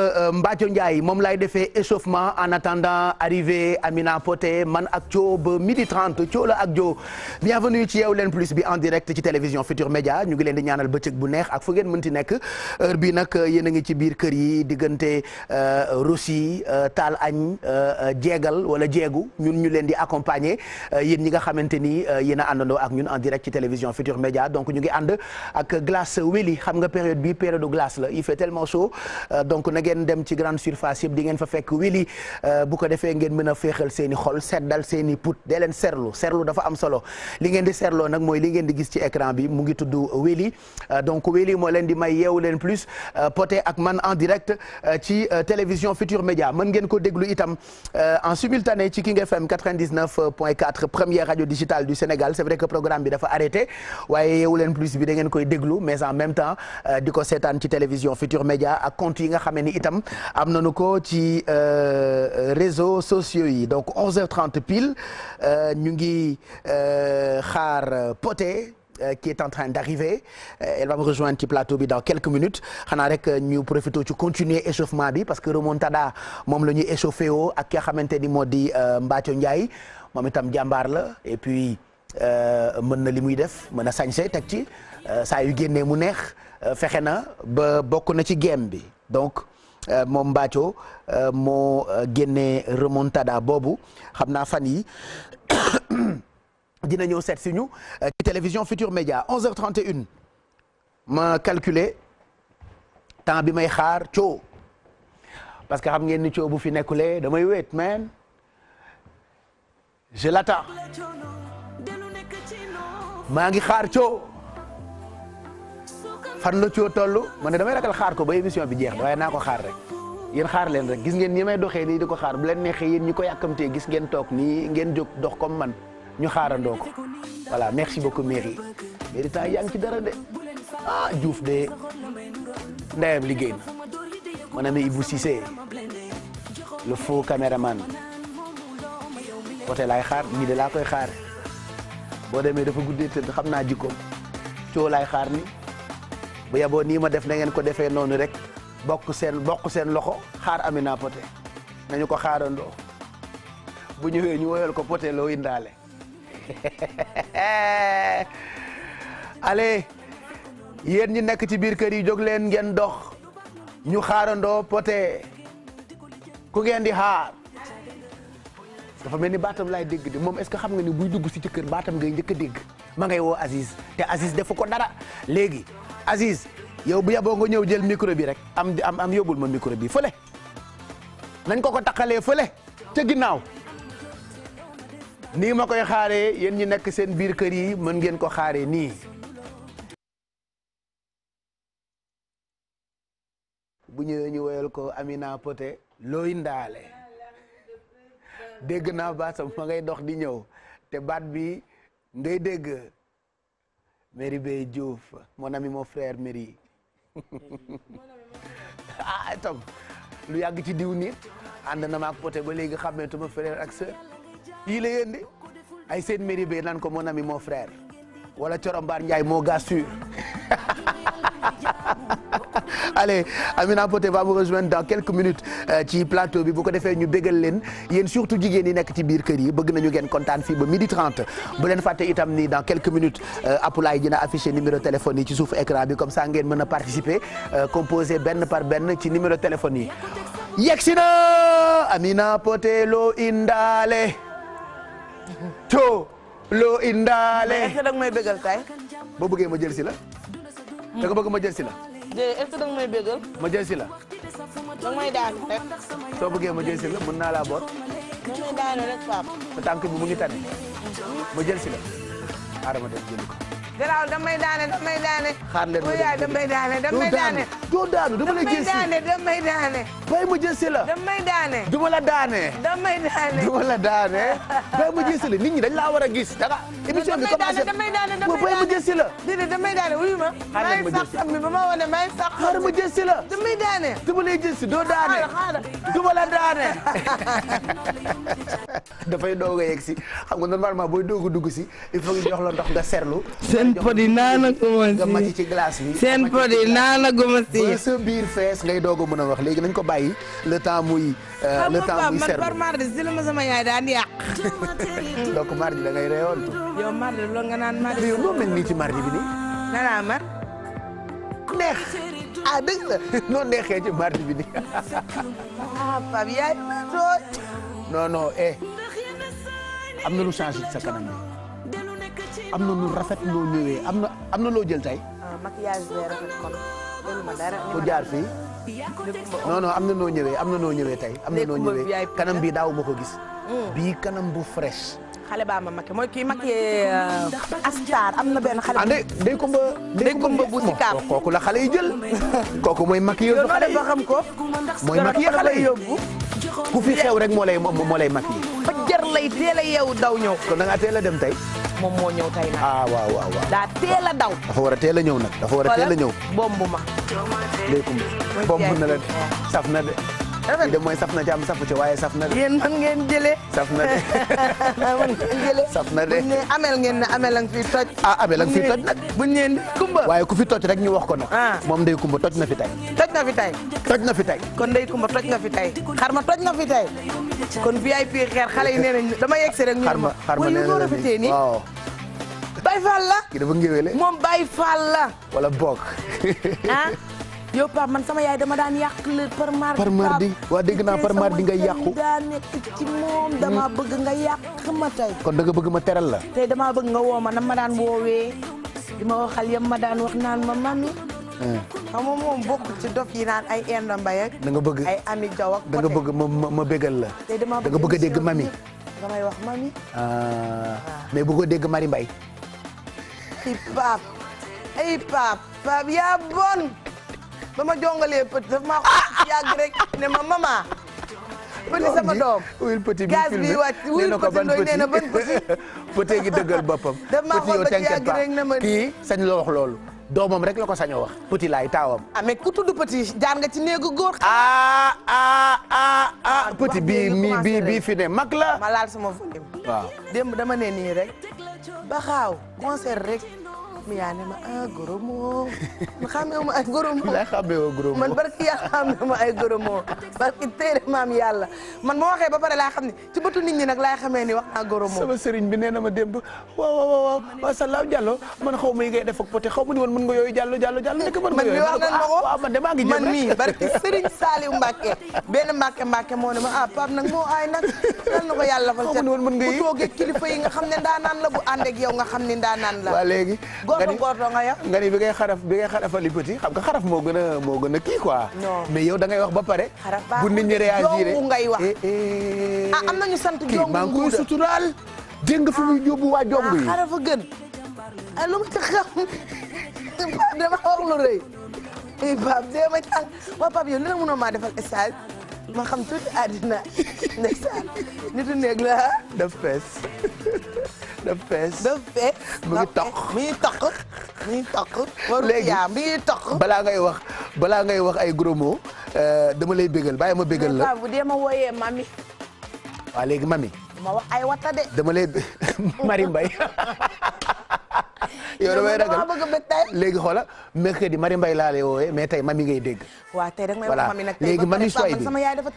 Euh, euh, Mbathio Ndiaye moom lay defee échauffement en attendant arrivée Amina Poté man ak Thio ba midi 30 la ak Thio bienvenue ci Yeewu Leen Plus bi en direct ci télévision Futur Média ñu ngi leen di ñaanal bëccëg bu neex ak fu ngeen mënti nekk heure bi nag euh, yéen a ngi ci biir kër yi diggante Rossi taal añ jeegal wala jeegu ñun ñu leen di accompagner yéen ñi nga xamante ni yéen a àndandoo ak ñun en direct ci télévision Futur Média donc ñu ngi ànd ak glace weli xam nga période bi période glace la il fait ngeen dem ci grande surface yëpp di fa fekk wili euh, bu defee ngeen mën a féexal seen seddal seen put dee leen seerlu dafa am solo li ngeen di seerloo nag mooy li ngeen di gis ci écran bi mu ngi tudd wili euh, donc wili moo leen di may yeewu leen plus euh, poté ak man en direct ci télévision Futur Média mën ngeen ko déglu itam en simultané ci King FM 99.4 radio digitale du Sénégal c'est vrai que programme bi dafa arrêté waaye yeewu leen plus bi itam am nañu ko ci euh, réseau sociaux yi donc 11 trente 30 pile euh, ñu ngi euh, xaar Poté. qui est en train d'arriver elle va me rejoindre ci plateau bi dans quelques minutes xanaa rek ñu profité ci continuer échauffement bi parce que remontada moom la ñuy échauffé woo ak ki nga xamante ni moo di Mbathio Ndiaye moom itam jàmbaar la et puis mën na li muy def mën a sañse teg ci saa yu mu neex fexe na ba bokk na ci game bi donc Euh, moom Mbathio euh, moo euh, génne remontada boobu xam naa fan yi dina ñëw seet si ñu télévision Futur Média 11 h une ma calculer temps bi may xaar coo parce que xam ngeen ni bu fi nekkulee damay wéet man je l'attends maa xaar coo. fan la coo toll ma ne damay ragal xaar ko ba émission bi jeex waaye naa ko xaar rek yéen xaar leen rek gis ngeen ni may doxee nii di ko xaar bu leen neexee yéen ñi ko yàkkamtee gis ngeen toog nii ngeen jóg dox comme man ñu xaarandoo ko voilà merci beaucoup mairie mairie temps yaa ngi ci dara de ah de ndeyam liggéey na mon ami Ibou Cissé le faux caméraman lay laay xaar nii de laa koy xaar boo demee dafa guddee tëdd xam naa jikkoom coo xaar ni bu yeboo nii ma def na ngeen ko defee noonu rek bokk seen bokk seen loxo xaar Amina Poté nañu ko xaarandoo bu ñëwee ñu woyal ko Poté loo indaale ale yéen ñi nekk ci biir kër yi jóg leen ngeen dox ñu xaarandoo Poté ku ngeen di xaar dafa mel ni baatam laay dégg di moom est-ce que xam nga ni buy dugg si ci kër baatam ngay njëkk a dégg ma ngay woo asiis te Aziz defu ko dara léegi asis yow bu yaboo nga ñëw jël micro bi rek am am am yóbbul ma micro bi fële nañ ko ko taqalee fële ca ginnaaw nii ma koy xaaree yéen ñu nekk seen biir kër yi mën ngeen ko xaaree nii. bu ñëwee ñu woyal ko Amina Poté looy ndaale dégg naa baatam ma ngay dox di ñëw te baat bi ngay dégg. Mary Bey Diouf mon ami mon frère Mary ah lu yàgg ci diw nit ànd na maak poté ba léegi xàmmeetuma frère ak sœur yii la yéen ay seen Mary Bey nan ko mon ami mon frère wala Corombaar Ndiaye moo gas sur allez Amina Poté va vous rejoindre dans quelques minutes euh, ci plateau bi bu ko defee ñu bégal leen yéen surtout jigéen yi nekk ci biir kër yi bëgg nañu geen kontaan fii ba midi bu leen fàtte itam ni dans quelques minutes euh, Apulaay dina afficher numéro téléphone yi ci suuf écran bi comme ça ngeen mën a participer euh, composer benn par benn ci numéro téléphone yi yegsi na Amina Poté loo indaale to loo indaale. boo bëggee ma jël si la. Hmm. da nga bëgg ma jël si la. déedéet est-ce may bégal. ma jël si la. danga may daanu rek. soo bëggee ma jël si la mën naa laa boot. danga may daanu rek papa. sa tànk bi mu ngi tane. ma jël si la. xaaral ma dem jëli ko. garaaw damay daane damay daane. xaar leen ma dem damay daane doo daanu dama lay damay daane ma jël si la damay daane duma la daane damay daane duma la daane bay ma jël si nit ñi dañ laa war a gis danga bi commencé damay daane bay si la déedéet damay daane wuyu ma maa ngi sax am bi ba ma wane maa ngi sax ma jël si la damay daane dama lay jël si doo daane duma la dafay doog a yegg si xam nga normalement booy doog a dugg si il faut jox la ndox nga serlu seen podi naana goma téye sa biir fees ngay doog a mën a wax léegi nañ ko bàyyi le temps muy. Euh, le temps muy serre man par mardi si sama yaay daan yàq. donc mardi da ngay reyoontu. yow mardi loolu nga naan mardi. mais yow loo mel nii ci mardi bi nii. na naa mar. neex ah bi nii. ah eh. am na lu change sa kanam am na lu rafet loo ñëwee am na am na loo jël tey. Ah, ku jaar fii non non am na noo ñëwee am na noo ñëwee tey am na noo ñëwee kanam bii daaw ma ko gis mm. bii kanam bu fresh xale baa ma makke mooy kii makke euh, astar am na benn xale. ah day kumba day kumba bu si kooku la xale yi jël kooku mooy makki yóbbu xale yi xam ko mooy makki xale yi yóbbu ku fi xew rek moo lay moo lay makki. lay teel a yeewu daw ñëw. kon da ngaa a dem tey. moom moo ñëw tey nag. Ah, waaw waaw waaw. daa teel a daw. dafa war a teel a ñëw nag dafa war a teel a ñëw. bomb ma. léegi bomb na la saf na de. rafet de mooy saf na jàmm safu ci waaye saf na de. yéen mën ngeen jëlee. saf na de. mën ngeen na de buñ amel ngeen ne amel a ngi fi toj. ah amel a ngi fi toj nag. buñ nee kumba. waaye ku fi toj rek ñu wax ko nag. Ah. moom day kumba toj na fi tay toj na fi tay toj na fi tay kon day kumba toj na fi tay xar ma toj na fi tay kon VIP xeer xale yi nee nañ dama yegg si rek. ñu ne ma xar ma nee nañ nii waaw. Baye Fall kii dafa ngéwéle moom Baye Fall la. wala bokk. yow Pape man sama yaay dama daan yàq le par mardi. par waa dégg naa par mardi ngay yàqu daa nekk ci moom dama hmm. bëgg nga yàq ma tey. kon danga bëgg ma teral la. te damaa bëgg nga woo ma nan ma daan woowee di ma waxal yam ma daan wax naan ma mami. Hmm. xam nga moom bokkul ci yi naan ay Enda Mbaye ak. da nga bëgg ay Ami Jaw ak da nga bëgg ma ma la. tey dama bëgg da bëgg a dégg mami. damay wax mami. Ah. Ah. mais bu ko dégg Mari mbay ay Pape ay Pape yaa bon. ba ma jongalee petit ma maa ko yàgg rek ne ma mama petit sama doom wil petit bi filmé nee na ko ban petit nee na ban petit petit gi dëggal boppam petit yow t'inquiète pas sañ la wax loolu doomam rek la ko sañoo wax petit lay taawam amee ah, mais ku tudd petit jaar nga ci néegu góor ah ah ah ah, ah bi mi bi bi mag la ma laal sama volume waaw démb dama ne nii rek ba concert rek mi yaa ne ma ah goro moo ma xamee ma ay goro moo. yaa xamee woo goro moo man barki yaa xamee ma ay goro moo parce que ba pare laa xam ne ci bëtu nit ñi nag laay xamee ni wax naa goro moo. sama bi nee na ma démb waaw waaw waaw waaw Salaaw man xaw ma yi ngay def ak xaw ma mën nga yooyu Diallo Diallo Diallo nekk mën nga yooyu. man mi wax nañ ma ko ah man de maa ngi jëm rek man mii barki moo ne ma ah Pape nag moo aay nag lan na ko yàlla fa. xaw ni woon mën nga yi ku yi nga xam ne ndaanaan la bu ànd ak yow nga xam ni ne ndaanaan la. waa nga ni nga ni bi ngay xaraf a ngay xarafali petit xam xaraf moo gën a moo gën a kii quoi. mais yow da ngay wax ba pare. bu nit ñi réagir ngay wax. Eh, eh. ah am nañu sant jongu kii maa ngi koy suturaal. dégg nga ah. jongu ah, yi xarafa gën. Ah, lu ma ci xam dama wax lu rëy. eh Pape dee ma tànk waa Pape yow li nga maa defal stage ma xam tuuti àddina ndeysaan nitu néeg la daf fees daf fees daf fees mu ngi toq mi ngi toq mi ngi balaa ngay wax balaa ngay wax ay gros euh, dama lay bégal bàyyi ma bégal la bu dee ma wooyee mami waaw léegi mami ma wax ay wata de dama lay Marie yow damay ragal bëgg bët tey léegi xoola mercredi Marie Mbaye laa lay woowee mais tey mami ngay dégg waaw tey rek may wax mami nag léegi mami suway bi sama yaay dafa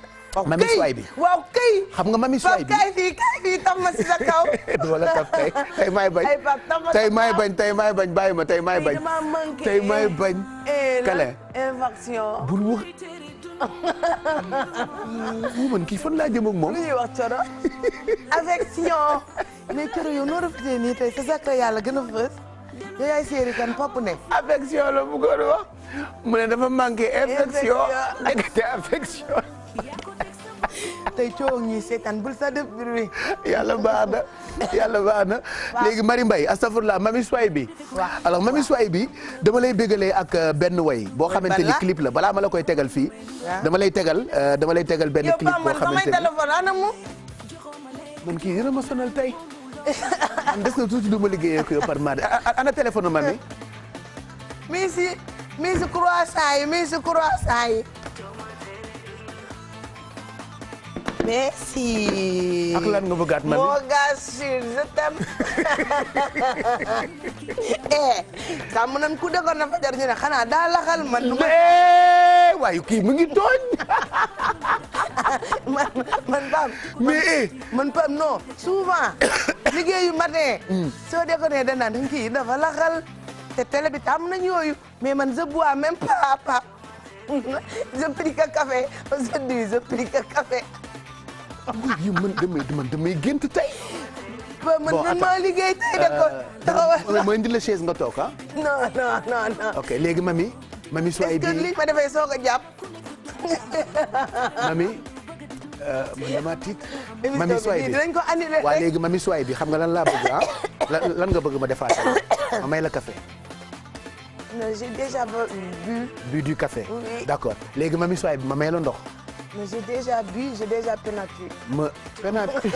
mami suway bi waaw kay xam nga mami suway bi kay fii kay fii tam ma si sa kaw wala taf tey tey maay bañ tey maay bañ tey maay bañ ma tey maay bañ tey kale invasion mu mën kii fan laa jëm ak moom. lu ñuy wax coro avec Sion. mais coro yow noo rafetee nii tey sa sàkk yàlla gën a fës. yow yaay séeri kan pap ne. affection la bëggoon wax mu ne dafa manqué. infection affection affection. tey coow ñuy seetaan bul sa def bruit. yàlla baax na yàlla baax na. léegi Marie Mbaye astafurlah mami Soye bi. waaw alors mami Soye bi dama lay bégalee ak euh, benn way. boo xamante ni clip la balaa ma koy tegal fii. dama lay tegal euh, dama lay tegal benn clip boo xamante ni man kii dina ma sonal tey. des na tuuti du ma liggéeyee ko yow par maa ana téléphone mami. mi si merci. ak lan nga bëggaat mami moo gaa sur je t'aime. eh tàmm nañ ku dëggoon na fajar ñu ne xanaa daa laxal man. du ma waaye kii mu ngi tooñ. man man Pam. mais eh. man Pam non souvent. liggéeyu matin. Hmm. soo déggee da naan kii dafa laxal. te télé bi tàmm nañ yooyu mais man je bois même pas à pas je pique café je dis je oui man damay gént tey. bon man maa euh, indi la chaise nga toog ah. non non non non. ok léegi mami. mami soo ay bii est ma defee soog a jàpp. mami. Euh, mami soo ay bii ko annulé rek léegi mami soo ay bii xam nga lan laa bëgg ah. lan nga bëgg ma defaat ma may la café. non j'ai déjà bu léegi mami soo bi ma may la ndox. mais j'ai déjà bu j'ai déjà pénati. ma pénati.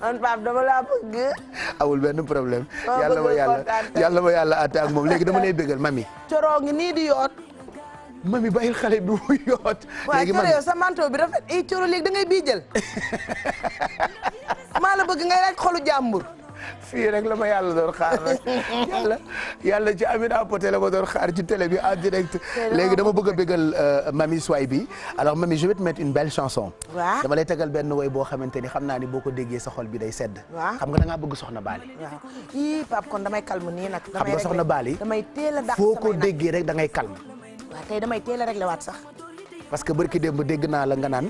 man Pape dama laa bëgg. benn problème. yàlla ma yàlla yàlla yàlla àtte ak moom léegi dama lay bëggal mami. coroo ngi nii di yoot. mami bàyyil xale bi mu yoot. léegi mami waaw sa manteau bi da ngay bii jël. maa la bëgg nga laaj xolu jàmbur. fii rek la ma yàlla doon xaar rek yàlla yàlla ci Amina Poté la ma doon xaar ci télé bi en direct. léegi dama bëgg a bégal euh, mami Soy bi alors mami je vais te mettre une belle chanson. waaw dama lay tegal benn woy boo xamante ni xam naa ni boo ko déggee sa xol bi day sedd. waaw xam nga da ngaa bëgg soxna Baali. waaw ii Pape kon damay calme nii nag. damay xam nga soxna Baali. damay foo ko déggee rek da ngay calme. waaw tey damay teel a réglé waat sax. parce que barki démb dégg naa la nga naan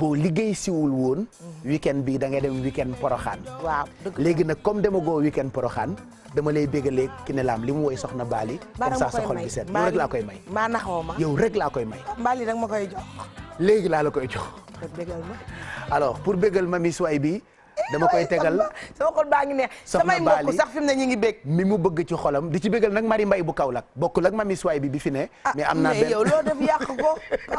boo liggéey siwul woon weekend bi da ngay dem weekend poroxaan waaw léegi na comme dema goo weekend poroxaan dama lay bégalee ki ne laam li mu woy soxna baali comme ça sa xol bi set yow rek laa koy may maa naxoo ma yow rek laa koy may baali nag ma koy jox léegi laa la koy jox alors pour bégal ma mi suwaay bi dama koy tegal sama xol baa ngi neex samay mbokk sax fi ne ñu ngi bég mi mu bëgg ci xolam di ci bégal nag Mari Mbay bu Kaolack bokkul ak mami suwaay bi bi fi ne ah, mais am naa benn yow loo def yàq ko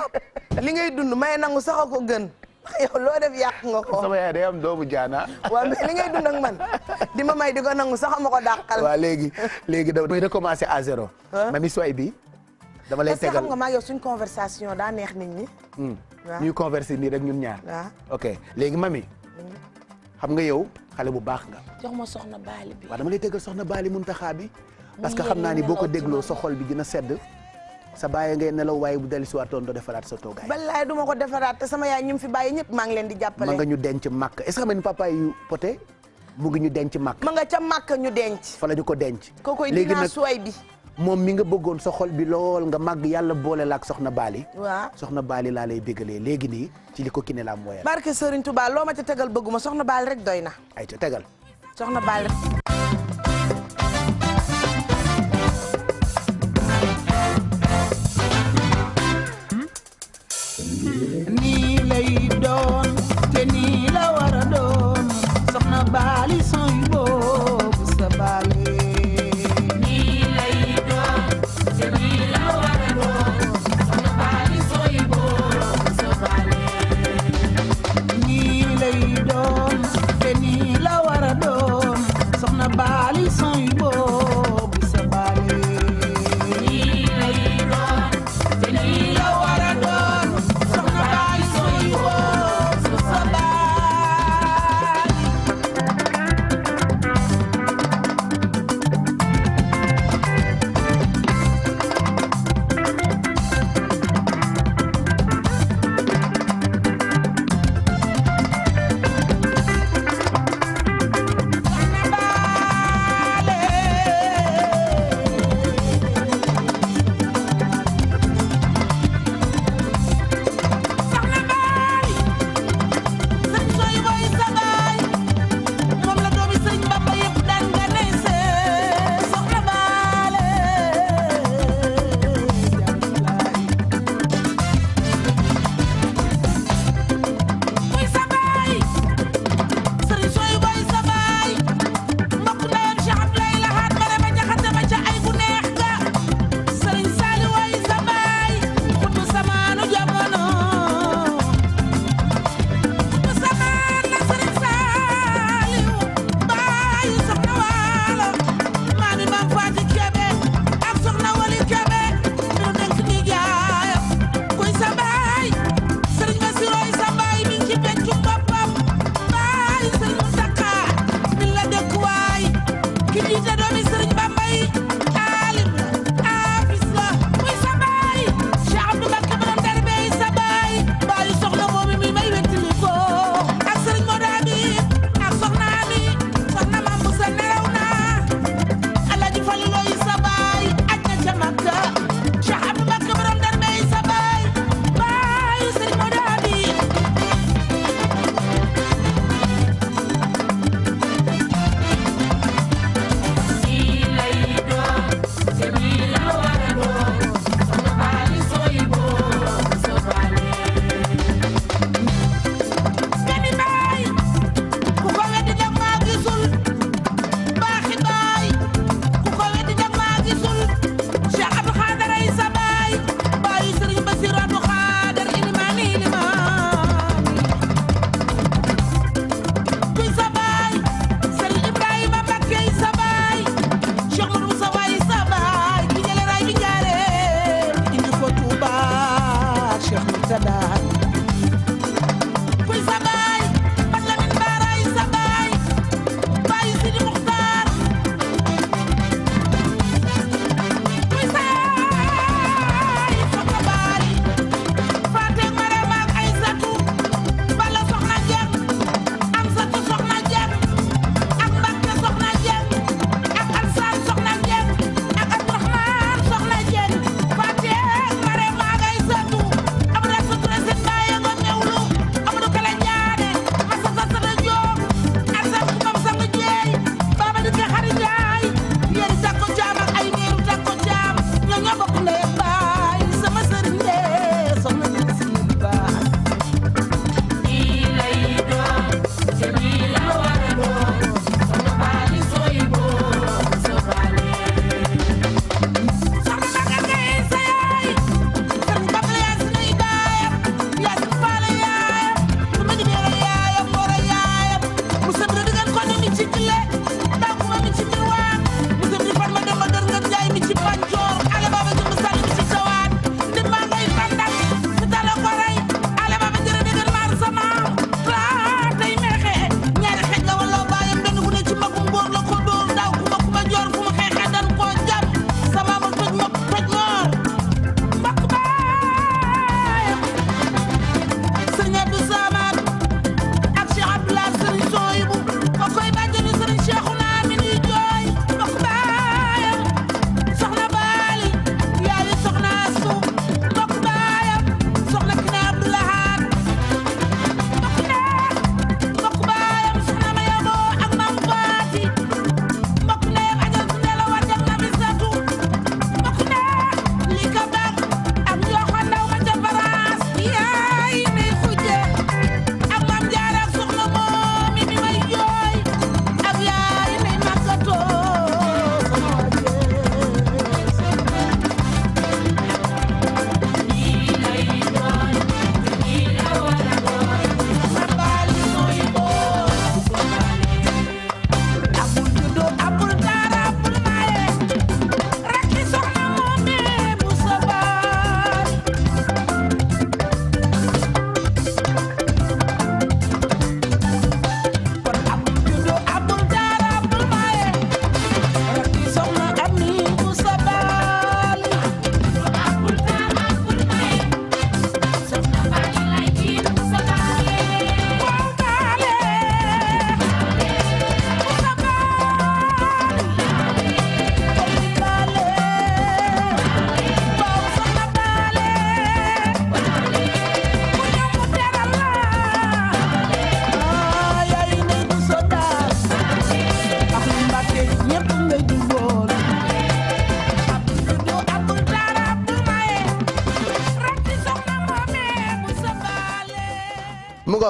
li ngay dund may nangu sax a ko gën yow loo def yàq ko sama yaay day am jaana waaw mais li ngay di ma may di ko nangu sax ma ko dàqal léegi léegi da mooy recommencer à zéro mami suwaay bi dama lay tegal xam suñ conversation daa neex nit ñi hmm. ñuy converser nii rek ñun ñaar ok léegi mami xam nga yow xale bu baax nga. jox ma soxna baali bi. waaw dama lay tëggal soxna baali muntaxaa bi. parce que xam naa ni boo ko dégloo sa xol bi dina sedd. sa nga ngay nelaw waaye bu dellusiwaatoon doo defaraat sa toogaay. balaay du ma ko defaraat te sama yaay ñim fi bàyyi ñëpp maa ngi leen di jàppale. ma nga ñu denc màkk est-ce que xam nga ni papa mu ngi ñu denc màkk. ma nga ca màkk ñu denc. fa la ñu ko denc. léegi nag kokoy dinaa suway bi. moom mi nga bëggoon soxol xol bi lool nga màgg yàlla boole la ak soxna Baali. waaw soxna Baali laa lay bégalee léegi nii ci li ko kiné la mooyal. barke Serigne Touba loo ma ca tegal bëgguma soxna Baali rek doy na. ay ca tegal. soxna baal rek.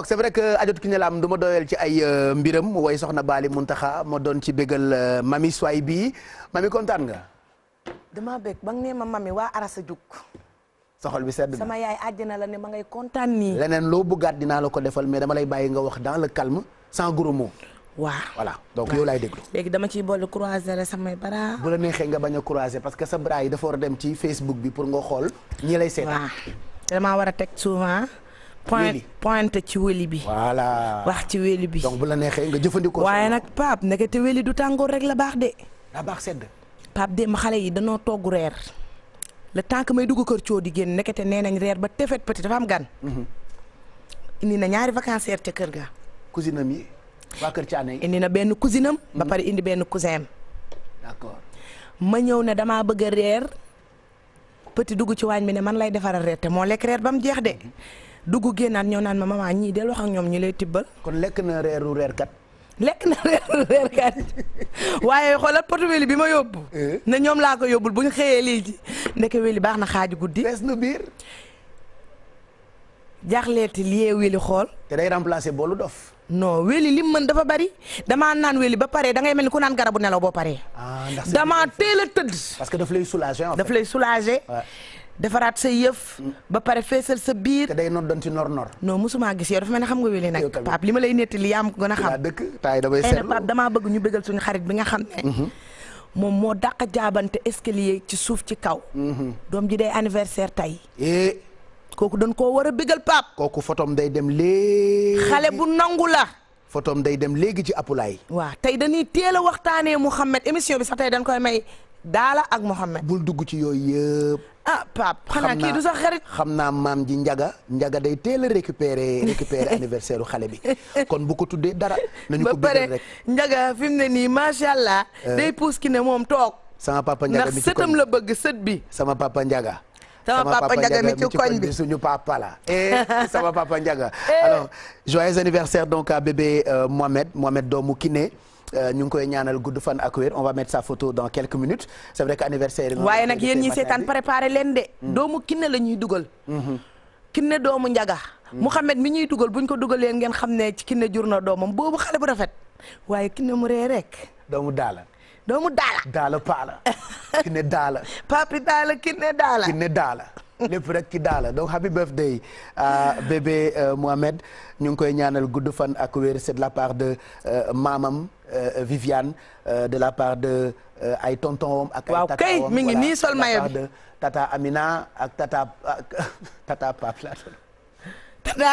c'est vrai que Adjatou Kiné Lam du ma doyal ci ay euh, mbiram way soxna Baali Muntaxa ma doon ci bégal euh, mami Soay bii mami kontaan nga. damaa bég ba nga nee ma mami waa Arasa jug. soxol bi sedd sama yaay àjjana la ne ma ngay kontaan nii. leneen loo bëggaat dinaa la ko defal mais dama lay bàyyi nga wax dans le calme sans gros mots. waaw voilà donc yow laay déglu. léegi dama ciy boole croiser la samay bras. bu la neexee nga bañ a croiser parce que sa bras yi dafa war a dem ci Facebook bi pour nga xool ñi lay seetaan. waaw damaa war a teg souvent. point pointe ci wéli bi. voilà ci wéli bi. bu la neexee nga jëfandikoo. waaye nag Pape naka te wéli du tàngoor rek la baax de. la baax sedd. Pape de xale yi danoo togg reer le tànk may dugg kër coo di génn nekkete nee nañ reer ba tefet petit dafa am gan. Mhm. indi na ñaari vacancière ca kër ga. cousine am yi indi na benn cousine ba mhm. pare indi benn cousin am. ma ñëw ne damaa bëgg a reer petit dugg ci waañ bi ne man lay defaral reer te moo lekk reer ba mu jeex de. Mhm. dugg génnaat ñoo naan ma maman ñii del wax ak ñoom ñu lay tibbal. kon lekk na reeru kat lekk na reeru reerkat waaye xoolal potu weli bi ma yóbbu. Eh? ne ñoom laa ko yóbbul bu ñu xëyee lii ci ndeke weli baax na xaaj guddi. fees na biir. jaaxleeti liyee weli xool. te day remplacer boolu dof. non weli lim mën dafa bari damaa naan weli ba pare da ngay mel ni ku naan garabu nelaw boo paree. Ah, ndax damaa teel a tëdd. parce que daf lay soulager daf lay soulager. defaraat sa yëf. ba pare feesal sa biir. te day nor doon ci nor nor. non mosuma gis yow dafa mel ne xam nga wéli nag. Pape li ma lay nettali yaa ma ko a xam. yaa dëkk taay damay eh, seetlu Pape damaa bëgg ñu bëggal suñu xarit bi nga xam ne. Mhm. moom moo daq jaabante escalier ci suuf ci kaw. Mhm. doom ji day anniversaire tey. Eh. kooku dañ koo war a bëggal Pape. kooku fotom day dem léegi. xale bu nangu la. fotom day dem léegi ci apulaay. waaw tey dañuy teel a waxtaanee Mouhamed émission bi sax tey dañ koy may Daala ak Mouhamed. bul dugg ci yooyu yëpp. ah Pape xanaa kii du sax xarit xam naa maam ji njaga njaga day teel a récupérer récupérer anniversaire u xale bi kon bu ko tuddee dara nañu ko bëggal rek njaga ne nii macha allah eh. day puus ki ne moom toog sama papa njaga mi la bëgg sët bi sama papa njaga sama papa Ndiaga mi ci koñ bi suñu papa la eh sama papa Ndiaga eh. alors joyeux anniversaire donc à bébé euh, Mohamed Mohamed doomu Kiné Euh, ñu ngi koy ñaanal gudd fan ak wér on va mettre sa photo dans quelques minutes c'est vrai que anniversaire. waaye nag yéen ñi seetaan préparé leen de. Mm-hmm. doomu kinne la ñuy dugal. Mm-hmm. kinne doomu njaga. Mm-hmm. Mouhamed mi ñuy dugal bu ñu ko dugalee ngeen xam ne ci kinne jur na doomam boobu xale bu rafet waaye kinne mu ree rek. doomu daala. doomu daala. daala paala. kinne daala. papi daala kinne daala. kinne daala. lépp rek ci daala donc happy birthday euh, bébé euh, Mohamed ñu ngi koy ñaanal gudd fan ak wér c'est de la part de maamam. Euh, Viviane euh, de la part de euh, ay tonton ak ay tata waaw mi ngi nii sol maillot tata Amina ak tata tata la tata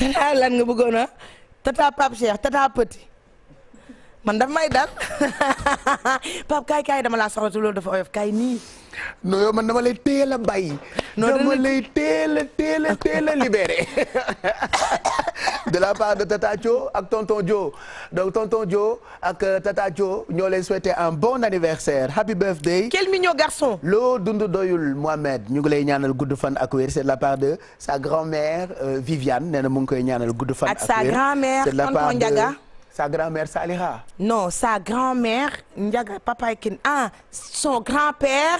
tata lan nga bëggoon tata Pape Cheikh tata Petit man daf may dal Pape kaay kaay dama laa soxla loolu dafa oyof kaay nii. non yow man dama lay teel a bàyyi. dama libéré de la part de Tata Dio ak tonton Dio donc tonton Dio ak euh, Tata Dio ñoo le souhaiter un bon anniversaire happy birthday. quel mignon garçon. loo dund doyul Mohamed ñu ngi lay ñaanal gudd fan ak wér c'est de la part de sa grand-mère euh, Viviane nee na mu ngi koy ñaanal gudd fan. ak wér sa grand-mère Saliha. non sa grand-mère Ndiaga papa Kin ah son grand-père.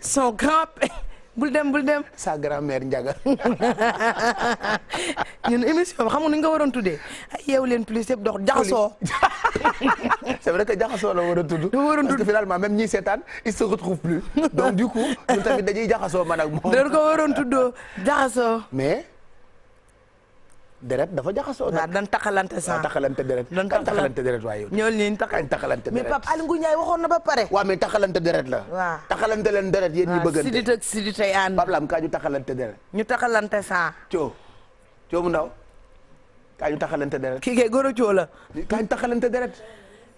son grand-père bul dem bul dem. sa grand-mère Ndiaga. ñun émission bi xam nga ni nga waroon tuddee ay yeewu leen plus yëpp dox jaxasoo. c'est vrai que jaxasoo la war a tudd. waroon tudd parce que finalement même ñi seetaan ils se retrouvent plus donc du coup ñun tamit dañuy jaxasoo man ak moom. dañ ko waroon tuddoo jaxasoo. mais. deret dafa jaxasoo nag dan taxalante sax taxalante deret dan taxalante deret waaye ñool ñeen taxañ taxalante deret mais Pape Aly Ngouille Ndiaye waxoon na ba pare waaw mais taxalante deret la waaw taxalante leen deret yéen ñi bëggante sidit ak sidit ay ànd ñu taxalante deret ñu taxalante sax coo coo mu ndaw kaa ñu taxalante deret kii kay góor coo la kaa ñu taxalante deret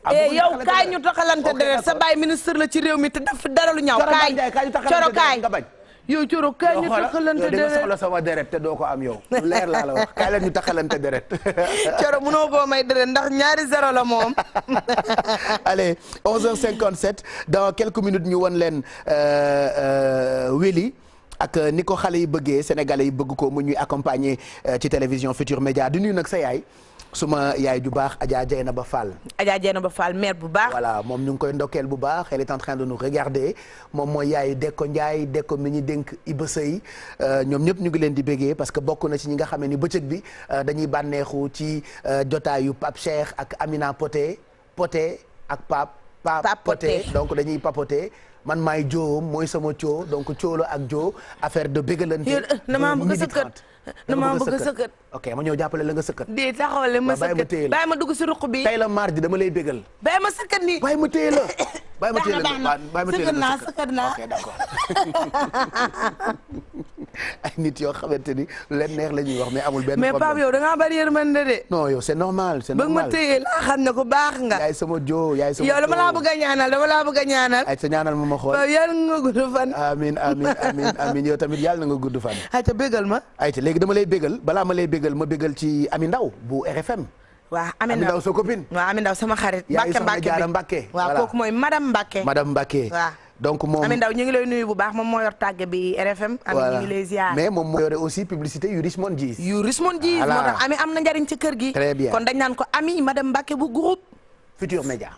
ah, eh yow kaa ñu taxalante deret sa baay ministre la ci réew mi te daf dara lu ñaaw kaay coro kaay nga bañ yow Coro kaay ñu taxalante deret sama deret te doo ko am yow leer laa la wax kaay la ñu taxalante deret Coro mënoo koo may deret ndax ñaari zéro la moom. allez 11h57 dans quelques minutes ñu won leen euh, euh, Wéli. ak euh, ni ko xale yi bëggee sénégalais yi bëgg ko mu ñuy accompagner ci télévision Futur Média du nuyu nag sa yaay. suma yaay ju baax na ba Dieynaba Fall. na ba Fall mère bu baax. voilà moom ñu ngi koy ndokkeel bu baax xel est en train de nous moom mooy yaay Dekko Ndiaye Dekko mi ñu dénk Ibasa yi euh, ñoom ñëpp ñu ngi leen di béggee parce que bokk na ci ñi nga xam ni bëccëg bi euh, dañuy bànneexu ci euh, jotaayu Pape Cheikh ak Amina Poté Poté ak Pape. Pape Poté donc dañuy papoté man maay Joo mooy sama coo donc coolo ak Joo affaire de bégalante. na maa bëgg sa kër dama bëgg a sëkkat ok ma ñëw jàppale la nga sëkkat dee taxawale ma sëkkat bàyyi ma dugg si ruq bi tey la mardi dama lay bégal bàyyi ma sëkkat nii bàyyi ma téye la bàyyi ma téye la bàyyi ma téye la sëkkat naa ay nit yoo xamante ni leen neex la ñuy wax mais amul benn problème mais Pape yow da ngaa bari yërmande de. non yow c'est normal c'est normal bëgg ma téye laa xam ne ko baax nga. yaay sama joo yaay sama joo yow dama laa bëgg a ñaanal dama laa bëgg a ñaanal. ay sa ñaanal ma ma xool yàlla nga tamit yàlla nga gudd fan. ayca bégal ma. ayca léegi dama lay bégal balaa ma lay bégal ma bégal ci Ami Ndaw bu RFM. waaw Ami Ndaw sa copine. waaw Ami Ndaw sama xarit. Mbacke Mbacke bi yaay sama jaara Mbacke. waaw donc moom Ami Ndaw ñu ngi lay nuyu bu baax moom moo yor tàgge bi RFM. am ñu ngi lay ziar mais moom moo yore aussi publicité yu Richmond Gis. yu Richmond moo tax Ami am na njariñ ci kër gi. très kon dañ naan ko Ami madame Mbacke bu groupe. Futur Média.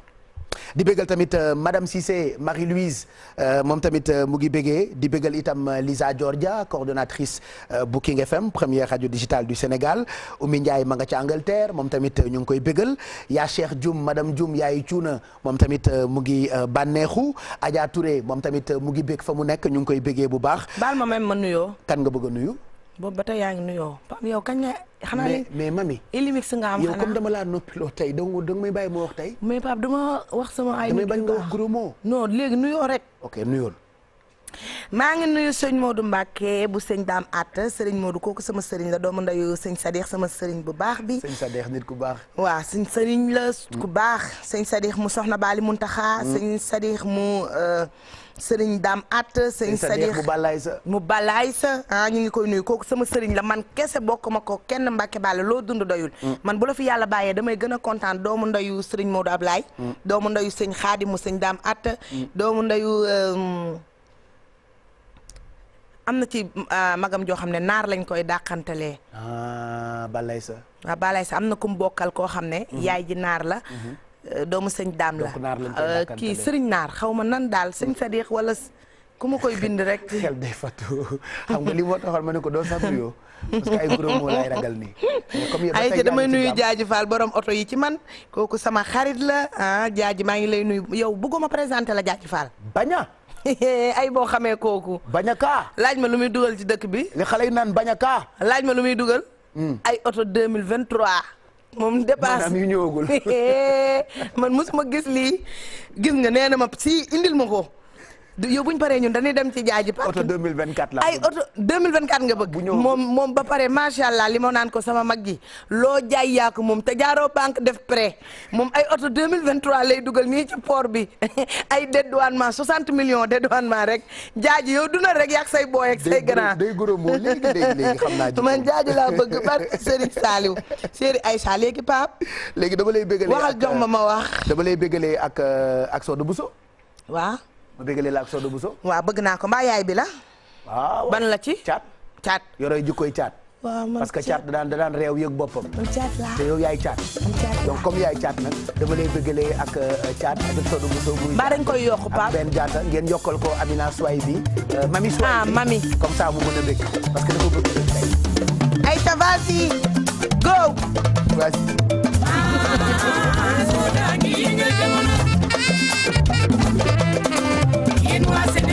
di bégal tamit euh, madame Cissé Marie-Louise euh, moom tamit euh, mu ngi bégee di bëggal itam Lisa Georgia coordonnatrice bu King FM première radio digitale du Sénégal Oumy Ndiaye ma nga ca Angleterre moom tamit ñu ngi koy bëggal ya Cheikh Dioum madame Dioum yaay cuuna moom tamit mu ngi bànneexu Adja Touré tamit mu ngi bég fa mu nekk ñu ngi koy bëggee bu baax. baal ma même ma nuyoo. kan nga bëgg a nuyu. boobu ba tey yaa ngi nuyoo Pape yow kañ nga. xanaa mais mais mami. Illimix nga am xanaa yow comme dama laa noppiloo tey donc danga may bàyyi ma wax tey. mais Pape dama wax sama ay. damay bañ nga wax gros mot. non léegi nuyoo rek. ok nuyoon. maa ngi nuyu sëñ Modou Mbacke bu sëñ Daam Atta sëriñ Modou kooku sama sëriñ la doomu ndeyu sëñ Sadikh sama sëriñ bu baax bi. sëñ Sadikh nit ku baax. waaw sëñ sëriñ la ku mm. baax. sëñ Sadikh mu soxna Baali Muntaxa. Mm. sëñ Sadikh mu. Euh, sëriñ daam at sëriñ sadix mu balaay sa ah ñu ngi koy nuyu kooku sama sëriñ la man kese bokk ma ko kenn mbàkke bàlle loo dund doyul mm. man bu la fi yàlla bàyyee damay gën a kontaan doomu ndeyu sëriñ Modou laay mm. doomu ndayu sëñ xaadimu sëñ daam at doomu ndayu euh, am na ci euh, magam joo xam ne naar lañ koy dàqantalee. ah balay sa. waaw balay sa am na ku mu bokkal koo xam ne. Mm-hmm. yaay ji naar la. Mm-hmm. Euh, doomu sëñ daam la euh, kii sëriñ naar xaw ma nan daal sëñ Sadiq wala ku ma koy bind rek. xel day fàttu xam nga li moo taxoon ma ne ko doo sax nuyoo. parce que ay gros mots laay ragal nii. ay ca damay nuyu Jaaji Fall borom oto yi ci man kooku sama xarit la ah Jaaji maa ngi lay nuyu yow ma présenté la Jaaji Fall. baña ay boo xamee kooku. baña kaa. laaj ma lu muy dugal ci dëkk bi. li xale yi naan baña kaa. laaj ma lu muy dugal. Hmm. ay oto 2023. moom dépasse maanaam yu ñëwagul eh, man mosuma gis lii gis nga nee na ma si indil ma ko. yow buñ ñu paree ñun dañuy dem ci jaaji parking oto 2024 la ay oto 2024 nga bëgg moom moom ba pare macha allah li ma naan ko sama mag ji loo jaay yaa ko moom te jaaroo banque def prêt moom ay oto mille 2023 lay dugal nii ci port bi ay dédouanement 60 millions dédouanement rek jaaji yow duna rek yàq say booy ak say grand day goro moo léegi léegi xam naa man jaaji laa bëgg bar Serigne Saliou Serigne Aïssa léegi Pape léegi dama lay bégalee waxal jox ma ma wax dama lay bégalee ak euh, ak Soda Bousso waaw ma bëggalee la ak Soda Bousso. waaw bëgg naa ko mbaa yaay bi la. waaw ban la ci caat caat. yoroo jikkoy caat. waaw man parce que caat da daan da réew yëg boppam. man caat laa te yow donc comme yaay caat nag dama lay bëggalee ak euh, caat ak Soda Bousso. mbaa ngeen yokkal ko Amina Suway bi. Euh, mami Suway ah, bi mami. comme ça mu mën a parce que dafa bëgg ay tavasi go. Ah,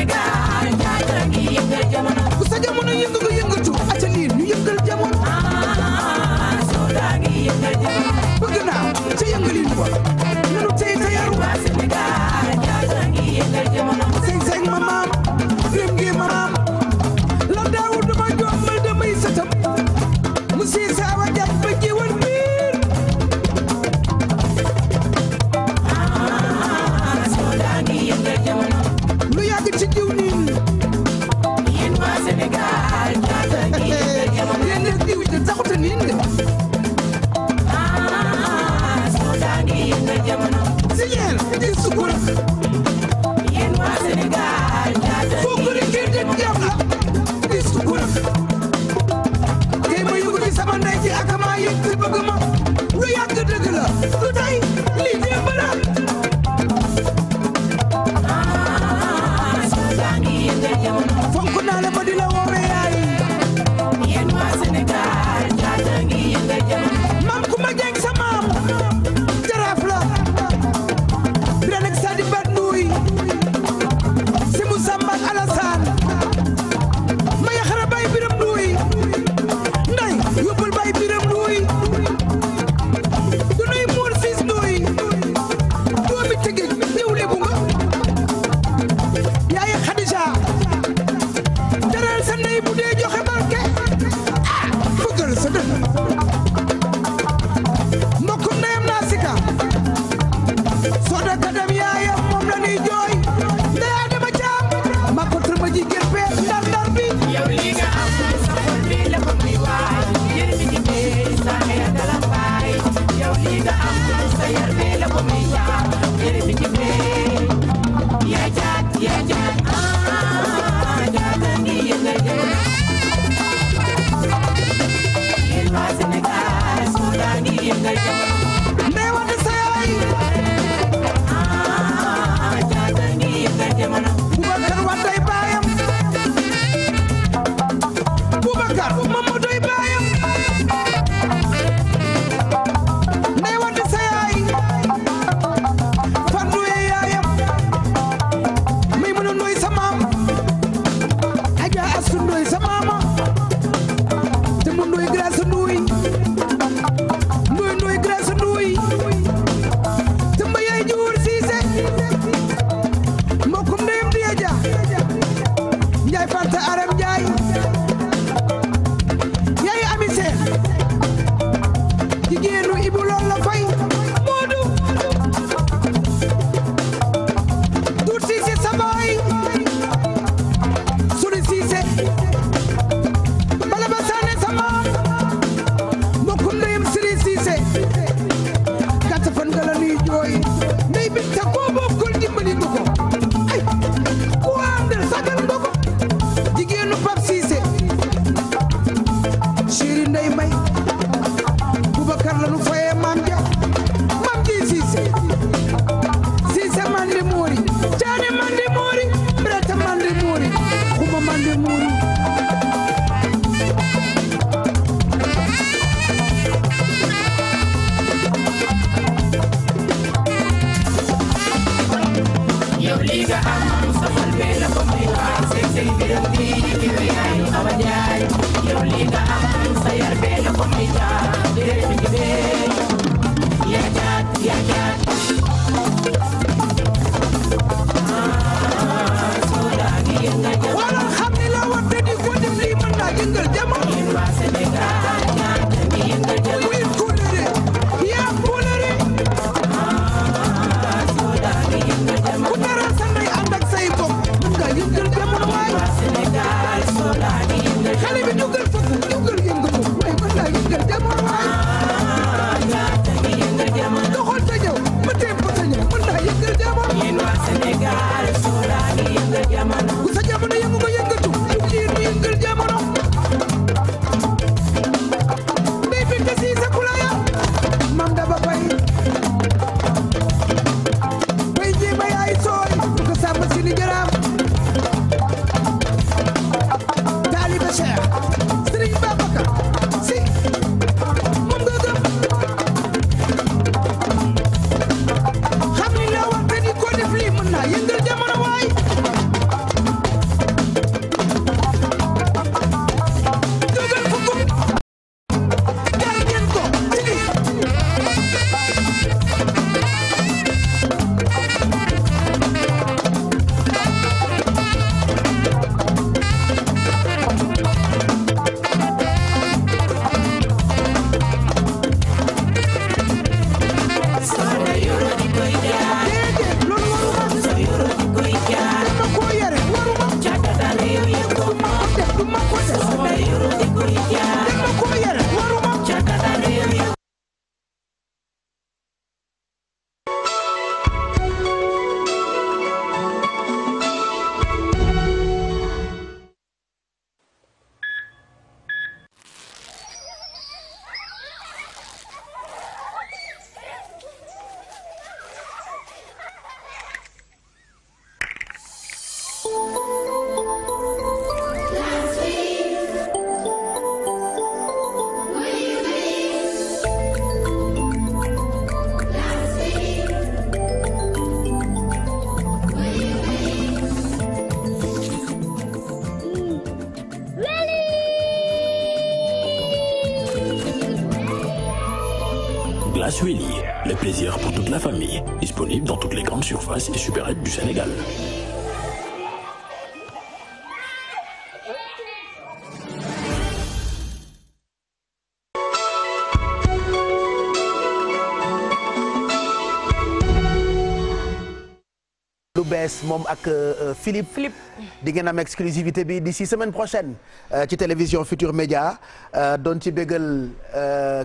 Sénégal jaay la ngi yëngal jamono ku sa jamono yëngu nga yëngatu aca lii ñu yëngal jamono ah soo daa ngi yëngal jamono bëgg naa ca yëngalin ba nanu tey te yaru waa Sénégal jaay la ngi yëngal jamono sëñ sëñ ma maam dem ngee ma maam lu bees moom ak euh, euh, Philippe. Philippe di ngeen am exclusivité bi si semaine prochaine euh, ci télévision Futur Média doon ci bégal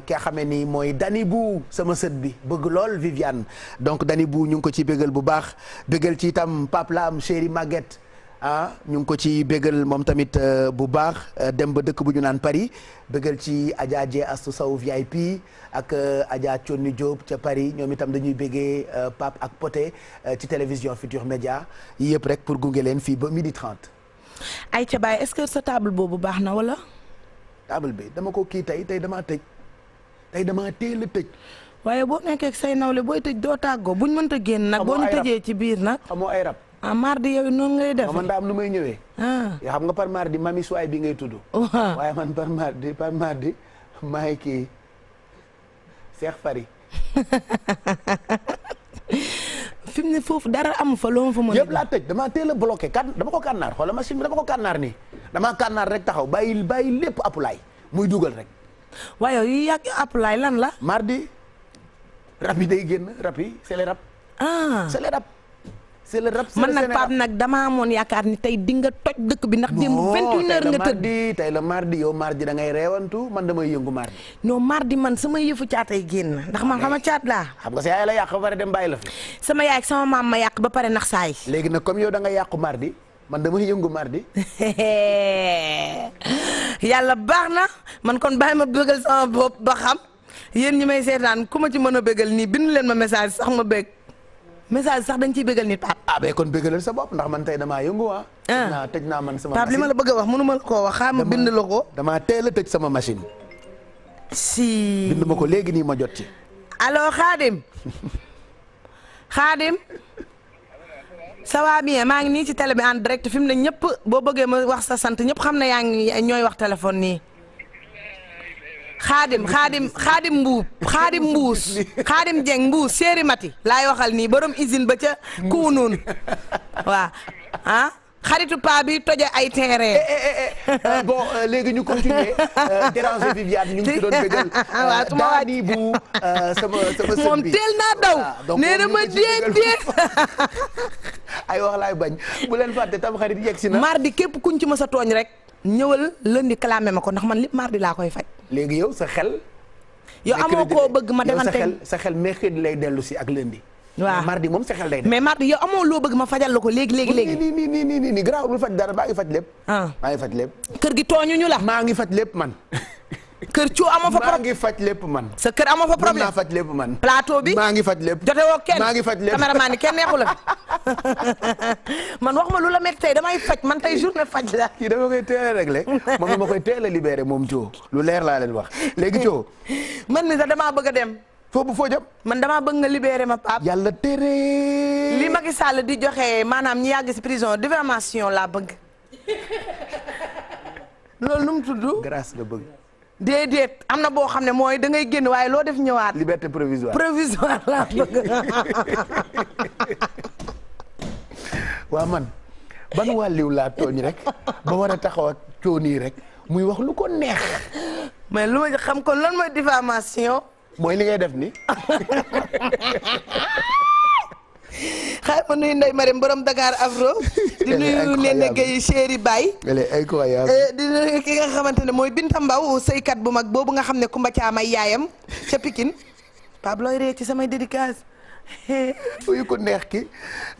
ki nga xamee ni mooy Dani bu sama sët bi bëgg lool Viviane donc Dani bu ñu ngi ko ci bégal bu baax bégal ci itam paplam Lam chéri ah ñu ngi ko ci bégal moom tamit euh, bu baax euh, dem ba dëkk bu ñu naan Paris bégal ci Adja Dieng Astou Sow VIP ak euh, Adja Thionni Diop ca Paris ñoom itam dañuy béggee Pape ak Poté ci télévision Futur Média yi yëpp rek pour gunge leen fii ba midi 30. Aïcha Baye est-ce que sa table boobu baax na wala. table bi dama ko kii tey tey damaa tëj tey dama teel a tëj. waaye boo nekkee say nawle booy tëj doo tàggoo buñ mënta génn nag. boo ñu tëjee ci biir nag. amoo ay ah mardi yow noonu ngay def man daa am nu may ñëwee. Ah. yoo xam nga par mardi mami suwaay bi ngay tudd. waaye man par mardi par mardi maay kii fi ne foofu dara amu fa loo laa tëj damaa teel a bloqué kan dama ko kànnaar xoola machine bi dama kannaar nii damaa kànnaar rek taxaw bàyyi bàyyi lépp apulaay muy dugal rek. waaye yi yàgg apulaay lan la. mardi rab yi day génn rab yi c'est rab. ah c'est rab. c'est le rap man nag Pape nag damaa amoon yaakaar ni tey di nga toj dëkk bi ndax démb vingt une heure nga tëdd tey la mardi yow mardi da ngay reewantu man damay yëngu mardi non mardi man sama yëfu caatay génn ndax man xama caat laa xam nga sa la yàq ba pare dem bàyyi la sama yaay ak sama ma yàq ba pare nax saay léegi nag comme yow da nga yàqu mardi man damay yëngu mardi yàlla baax na man kon bàyyi ma bëggal sama bopp ba xam yéen ñi may seetaan ku ma ci mën a bëggal nii bind leen ma message sax ma bëgg message sax dañ ciy bégal nit Pape. ah ben kon bégalal sa bopp ndax man tey damaa yëngu ah. ah tëj sama. Pape li ma la bëgg a wax mënu ma la koo wax xaaral ma bind la ko. damaa teel a tëj sama machine. si bind ma ko léegi nii ma jot ci. allo Khadim. Khadim. ça va maa ngi nii ci télé bi direct fi mu ne ñëpp boo bëggee ma wax sa sant ñëpp xam ne yaa ngi ñooy wax téléphone nii. xaadim xaadim xaadim mbuub xaadim mbuus xaadim jeng mbuus séeri mati laay waxal nii borom usine ba ca kuunuun waaw ah xaritu paa bi toje ay terrain. Eh, eh, eh, bon euh, léegi ñu continuer euh, déranger Viviane ñu ngi ci doon bëggal. Euh, bi moom teel naa daw. Ah, nee na ma déet déet. ay wax laay bañ bu leen fàtte tam xarit yegg si na. mardi képp kuñ ci mës a tooñ rek. ñëwal lundi clamé ma ko ndax man lépp mardi laa koy faj. léegi yow sa xel. yow amoo koo bëgg ma defante sa xel sa xel mercredi lay dellu si ak lundi. waaw mardi moom sa xel lay def. mais mardi yow amoo loo bëgg ma fajal la ko léegi léegi léegi. nii nii nii nii nii garaaw bul faj dara maa ngi faj lépp. maa ah. ngi faj lépp. kër gi tooñuñu la. maa ngi faj lépp man. kër cu amoo fa problème maa ngi faj lépp man. sa kër amoo fa problème maa faj lépp man. plateau bi maa ngi faj lépp. jote woo kenn maa ngi faj lépp caméraman ni kenn neexu la man wax ma lu la métti tey damay faj man tey journée faj la. kii dama koy teel a réglé moom dama koy teel a moom Thio lu leer laa leen wax léegi Thio. man ni sax damaa bëgg a dem. foofu foo jëm. man damaa bëgg nga libéré ma Pape. yàlla tere. li Macky Sall di joxe maanaam ñi yàgg si prison diffamation laa bëgg. loolu tudd. grâce la bëgg. déedéet am na boo xam ne mooy da ngay génn waaye loo def ñëwaat. liberté provisoire provisoire laa bëgg. waa man ban wàlliw laa tooñ rek ba war a taxaw ak coonii rek muy wax lu ko neex. mais lu ma xam kon lan mooy diffamation. mooy li ngay def nii xaar ma nuyu Ndeye Marème borom Dakar Afro. di nuyu Néné Gueye chéri Baye. Eh, di nuyu ki nga xamante ne mooy Binta Mbaw sëykat bu mag boobu nga xam ne Kumba Caam yaayam ca Pikine Pape looy ree ci samay dédicace. yu ko neex ki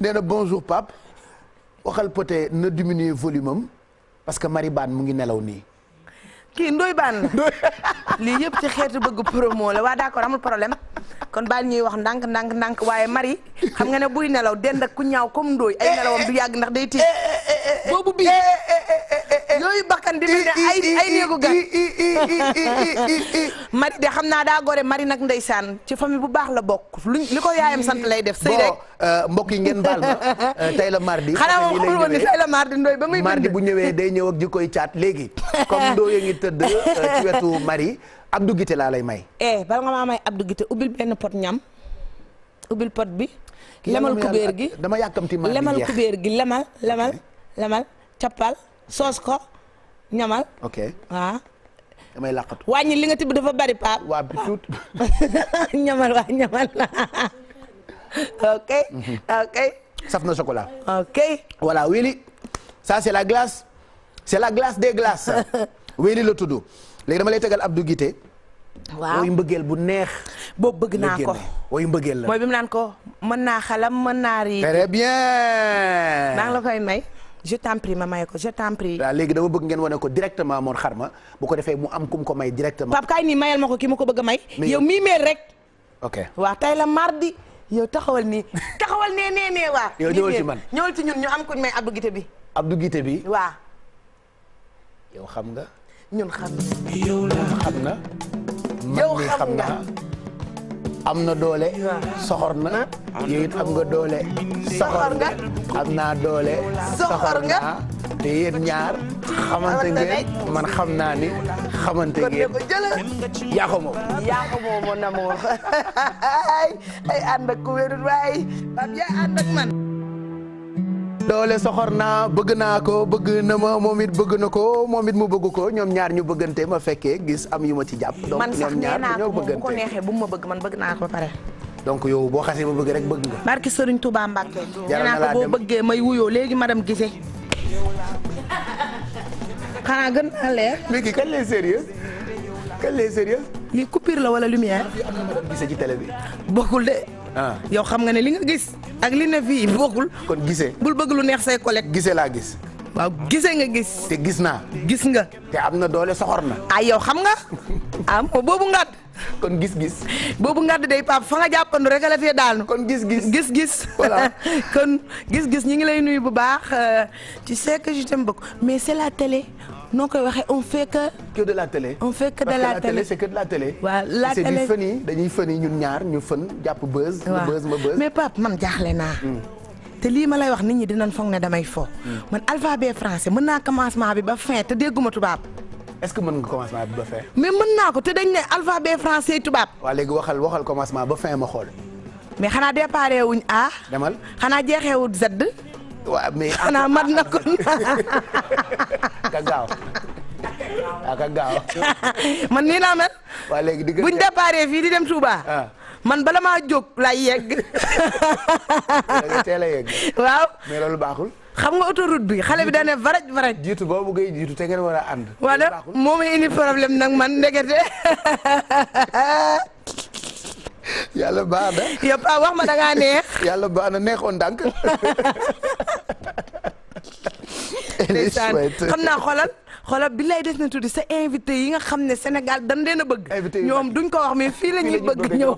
nee na bonjour Pape waxal poté na diminuer volume am parce que mari Bane mu ngi nelaw nii. kii Ndoye Bane la. lii yëpp ci xeetu bëgg promo la waa d'accord amul problème. kon baal ñuy wax ndànk ndànk ndànk waaye Marie xam nga ne buy nelaw dend ak ku ñaaw comme ndooy ay nelawam du yàgg ndax day tiit boobu bii yooyu bakkan di mel ne ay ay néegu Marie de xam naa daa gore Marie nag ndeysaan ci famille bu baax la bokk luñ li ko yaayam sant lay def sëy rek euh, mbokk yi ngeen baal ma euh, tey la mardi xanaa moom xamul woon ni tey la mardi ba muy mardi bu ñëwee day ñëw ak ji caat léegi comme ndooy a ngi tëdd euh, ci Marie Abdou Guité laa lay may. eh bala nga maa may Abdou Guité ubbil benn pot ñam ubbil pot bi. lemal kubéer gi dama yàkkamti maa lemal kubéer gi lemal lemal lemal cappal soos ko ñamal. ok ah. waaw. li nga tibb dafa bari Pape. waa bi tuut ñamal waa ñamal ok. Mhm. ok. saf na chocolat. ok. voilà wéli ça c'est la glace c'est la glace des glaces. wéli la tudd léegi dama lay tegal Abdou Guité. waa woyu mbëggeel bu neex. boobu bëgg naa ko woyu mbëggeel la. mooy bi mu naan ko mën naa xalam mën naa rii. très bien. naa la koy may. je t'en prie ma may ko je t'en prie. waaw léegi dama bëgg ngeen wane ko directement xar ma bu ko defee mu am kum ko may directement. Pape kaay nii mayal ma ko ki ma ko bëgg a may. yow mii mel rek. ok waaw tey la mardi. yow taxawal nii taxawal nee nee nee waa. yow ñëwal ci man ñëwal ci ñun ñu am kuñ may Abdou Guité bi. Abdou Guité bi. waaw. xam nga. ñun xam. xam nga. yow xam nga am na doole soxor na yow am nga doole soxor nga am naa doole soxor nga te yéen ñaar xamante ngeen man xam naa ni xamante ngeen yaa ko moom yaa ko moom na moom ay ànd yaa ànd ak man doole soxor naa bëgg naa ko bëgg na ma moom it bëgg na ko moom it mu bëgg ko ñoom ñaar ñu bëggante ma fekkee gis am yu ma ci jàpp. donc ñoom ñaar ñoo bëggante man sax nee naa ko moom bu ko ma bëgg man bëgg naa ko ba pare. donc yow boo xasee ba bëgg rek bëgg nga. barki Serigne Touba Mbacke. jaral naa ko boo bëggee may wuyoo léegi madame Guisé. xanaa gën naa leer. mais kii kan lay sérieux kan lay sérieux. lii coupure la wala lumière. am ci télé bi. bokkul de. Ah. yow xam nga ne li nga gis ak li ne fii bokkul. kon gisee bul bëgg lu neex say collègues. gisee laa gis. waaw gisee nga gis. te gis naa. gis nga. te am na doole soxor na. ay yow xam nga ah boobu ngàdd. kon gis-gis. boobu ngàdd day paap fa nga jàppandu rek la fee daanu. kon gis-gis gis-gis. voilà kon gis-gis ñi ngi lay nuyu bu baax euh, tu sais que je t'aime beaucoup mais c'est la télé. noo koy waxee on fait que. que de la télé. on fait que de la télé parce que la télé c'est fën yi dañuy fën yi ñun ñaar ñu fën jàpp buzz. waaw buzz ma buzz mais Pape naa. Hmm. te lii ma lay wax nit ñi dinañ foog ne damay fo. Hmm. man alphabet français mën naa commencement bi ba fin te dégguma tubaab. est-ce que mën nga commencement bi ba fin. mais mën ko dañ ne alphabet français tubaab. waaw waxal waxal commencement ba fin ma xool. mais xanaa déparé wuñ A. demal xanaa jeexewut Z. waaw mais. xanaa mat na kon. man nii laa waa léegi diggante buñ déparé fii di dem Touba. man bala ma jóg laay yegg. nga teel waaw mais loolu baaxul. xam nga autoroute bi xale bi daan ne varaj varaj. jiitu boobu ngay jiitu te ngeen war a ànd. wala moo problème nag man ndekete. yàlla baax na. yow Pa wax ma da ngaa neex. yàlla baax na neexoon ndànk. ndeysaan xam naa xoolal. xoolal bi lay def na tuddi sa invité yi nga xam ne Sénégal dañ leen a bëgg. ñoom duñ ko wax mais fii la ñuy bëgg ñëw.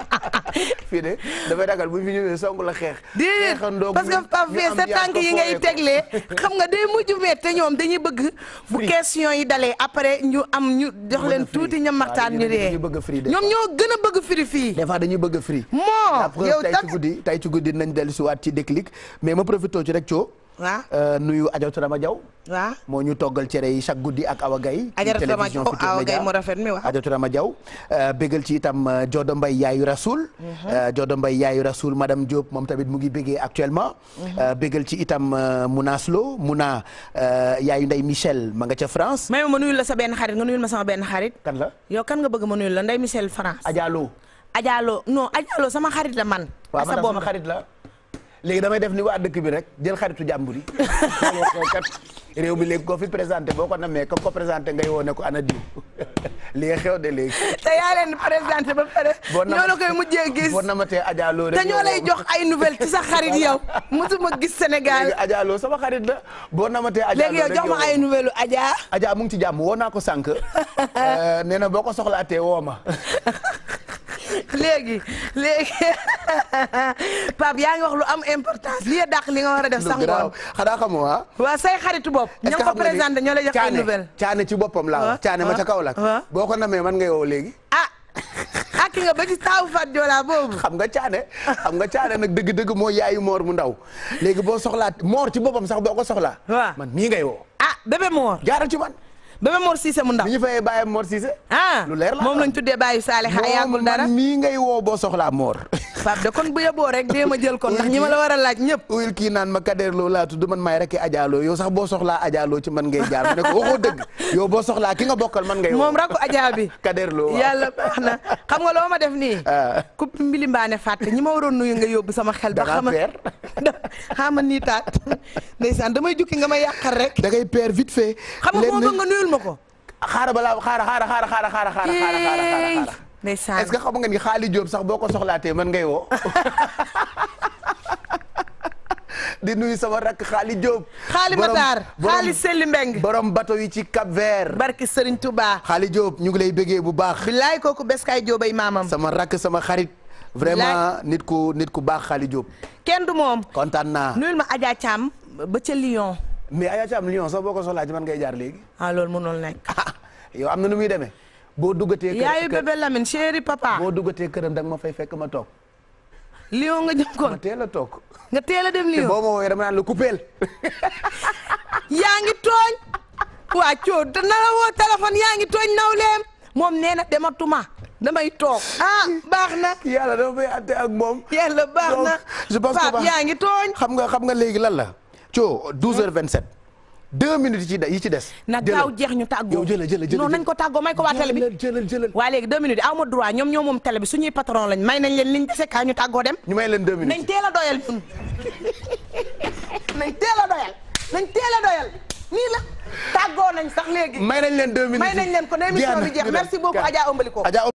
fii de dafay ragal bu ñu song la xeex. déedéet parce que Pape Faye sa tànk yi ngay teglee xam nga day mujj meet te ñoom dañuy bëgg. bu question yi dalee après ñu am ñu jox leen tuuti ñam maxtaan ñu dee. ñoom ñoo gën a bëgg firi fii. des dañuy bëgg firi. moo yow tam tay ci guddi tay ci guddi nañ dellusiwaat ci déclic mais ma profité ci rek coo. waaw euh, nuyu Adjaratou Rama Diaw. waaw moo ñu toggal cere yi chaque guddi ak Awa Gaye. Adjaratou Rama Diaw Awa rafet mi wax Adjaratou Rama Diaw. Euh, bégal ci itam Jodo euh, Mbaye yaayu Rasoul. Jodo mhm. Mbaye yaayu Rasoul madame joob moom tamit mu ngi bégee actuellement. Mhm. bégal ci itam Mounas Lo Mouna yaayu Ndeye Michel ma nga ca France. may ma nuyul la sa benn xarit nga nuyul ma sama benn xarit. kan la yow kan nga bëgg ma nuyul la Ndeye Michel France. Adja Lo. Adja Lo non sama xarit la man. waaw man sama xarit la. léegi damay def ni waa dëkk bi rek jël xaritu jàmbur yi kat réew mi léegi koo fi présenté boo ko namee comme ko présenté ngay woo ko ana diw li xew de léegi. te yaa leen présenté ba pare. ñoo la koy mujjee gis boo namatee Adja jox ay nouvelles ci sa xarit yow mosuma gis Sénégal. léegi Adja sama xarit la boo namatee. Adja Lo léegi yow jox ma ay nouvelles Adja. Adja mu ngi ci jàmm woo naa ko sànq euh, nee na boo ko soxlaatee woo ma. léegi léegi Pape yaa ngi wax lu am importance li dàq li nga war def sax ngoon xanaa xamoo ah waaw say xaritu bopp ñoo ko présenté ñoo lay jox ay nouvelle caane ci boppam laa wax ma ca kaw lak boo ko namee man ngay woo léegi ah ak nga ba ci taawu Fatou Diola boobu xam nga caane xam nga caane nag dëgg-dëgg moo yaayu moor mu ndaw léegi boo soxlaa moor ci boppam sax boo ko soxlaa man mii ngay woo ah bébé moor bébé Mor Cissé mu ndaw. ñi ñu fayee bàyyi Mor Cissé. Ah, lu leer la moom lañ tuddee bàyyi Salih ah, yàggul dara mii ngay woo boo soxlaa Mor. Pape de kon bu yeboo rek dee ma jël kon ndax ñi ma la war laaj ñëpp. uyul kii naan ma Kader Lo laa tudd man maay rek ajaaloo yow sax boo soxlaa ajaaloo ci man ngay jaar ne ko waxoo dëgg yow boo soxlaa ki nga bokkal man ngay woo. moom rakku ajaa bi Kader Lo waaw yàlla baax na xam nga loo ma def nii. Ah. ku mbilimbaane fàtte ñi ma waroon nuyu nga yóbbu sama xel ba xama xaama nii taat ndeysaan damay jukki nga ma yàqal rek. da ngay peer vite fait. xam nga moom nga nuyul ma ko. xaara balaa xaara xaara xaara xaara xaara xaara ndeysaan est-ce que xam nga ni xaali Diop sax boo ko soxlaatee mën ngay woo. di nuyu sama rakk xaali Diop. xaali Matar xaali Selli Mbeng borom bato yi ci Cap Vert. barki Serigne Touba. xaali Diop ñu ngi lay bëggee bu baax. billaay kooku bés kay Diop ay maamam. sama rakk sama xarit. vraiment nit ku nit ku baax Xali Diop. kenn du kontaan naa. nuyul ma Adja Thiam ba ca Lyon. mais Adja Thiam sax boo ko soxlaa man ngay jaar léegi. ah loolu mënul nekk. yow am na nu muy demee. boo duggatee kër yaayu bébé Lamine chéri papa. boo duggatee këram da nga ma fay fekk ma toog. Lyon nga jëm kon ma teel a toog. nga teel a dem Lyon te boo ma woowee dama naan la coupeel. yaa ngi tooñ. waa coow dana la woo téléphone yaa tooñ nawleem moom nee na dematuma. damay toog ah hmm. baax na. yàlla dama baax na je pense que Pape yaa ngi tooñ. xam nga xam nga léegi lan la. coo 12h27. deux minutes yi ci des yi ci nag gaaw jeex ñu tàggoo jëlal jëlal jëlal non nañ ko tàggoo may ko waa télé bi jëlal léegi deux minutes aw ma droit ñoom ñoo moom télé bi suñuy patron lañ may nañ leen liñ dese kaa ñu tàggoo dem. ñu may leen nañ teel a doyal ñun nañ teel a doyal nañ teel a doyal nii la tàggoo nañ sax léegi. may nañ leen deux minutes may nañ leen kon émission bi jeex merci beaucoup Adja Ombaliko.